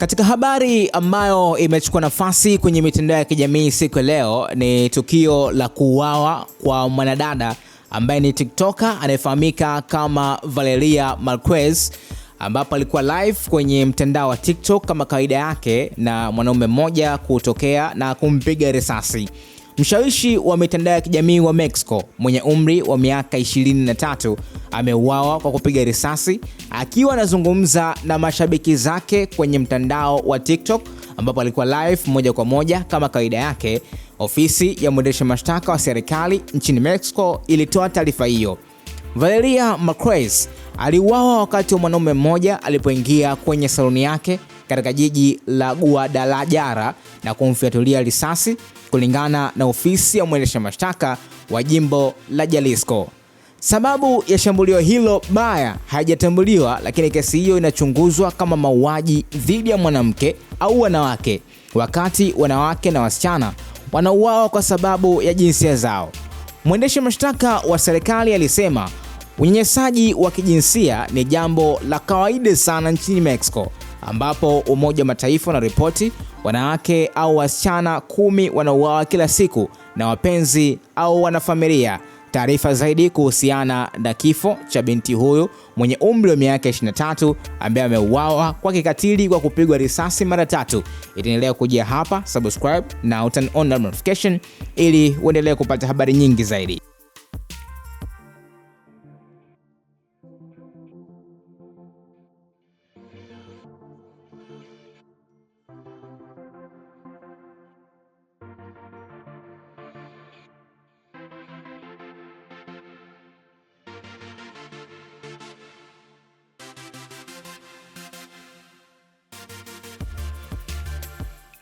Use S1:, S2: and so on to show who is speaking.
S1: Katika habari ambayo imechukua nafasi kwenye mitandao ya kijamii siku ya leo ni tukio la kuuawa kwa mwanadada ambaye ni TikToker anayefahamika kama Valeria Marquez ambapo alikuwa live kwenye mtandao wa TikTok kama kawaida yake na mwanaume mmoja kutokea na kumpiga risasi. Mshawishi wa mitandao ya kijamii wa Mexico mwenye umri wa miaka 23 ameuawa kwa kupiga risasi akiwa anazungumza na mashabiki zake kwenye mtandao wa TikTok ambapo alikuwa live moja kwa moja kama kawaida yake. Ofisi ya mwendesha mashtaka wa serikali nchini Mexico ilitoa taarifa hiyo. Valeria Marquez Aliuawa wakati wa mwanaume mmoja alipoingia kwenye saluni yake katika jiji la Guadalajara na kumfyatulia risasi, kulingana na ofisi ya mwendesha mashtaka wa jimbo la Jalisco. Sababu ya shambulio hilo baya haijatambuliwa, lakini kesi hiyo inachunguzwa kama mauaji dhidi ya mwanamke au wanawake, wakati wanawake na wasichana wanauawa kwa sababu ya jinsia zao. Mwendesha mashtaka wa serikali alisema Unyanyasaji wa kijinsia ni jambo la kawaida sana nchini Mexico, ambapo Umoja wa Mataifa unaripoti wanawake au wasichana kumi wanauawa kila siku na wapenzi au wanafamilia. Taarifa zaidi kuhusiana na kifo cha binti huyu mwenye umri wa miaka 23 ambaye ameuawa kwa kikatili kwa kupigwa risasi mara tatu itaendelea kujia hapa. Subscribe na turn on notification ili uendelee kupata habari nyingi zaidi.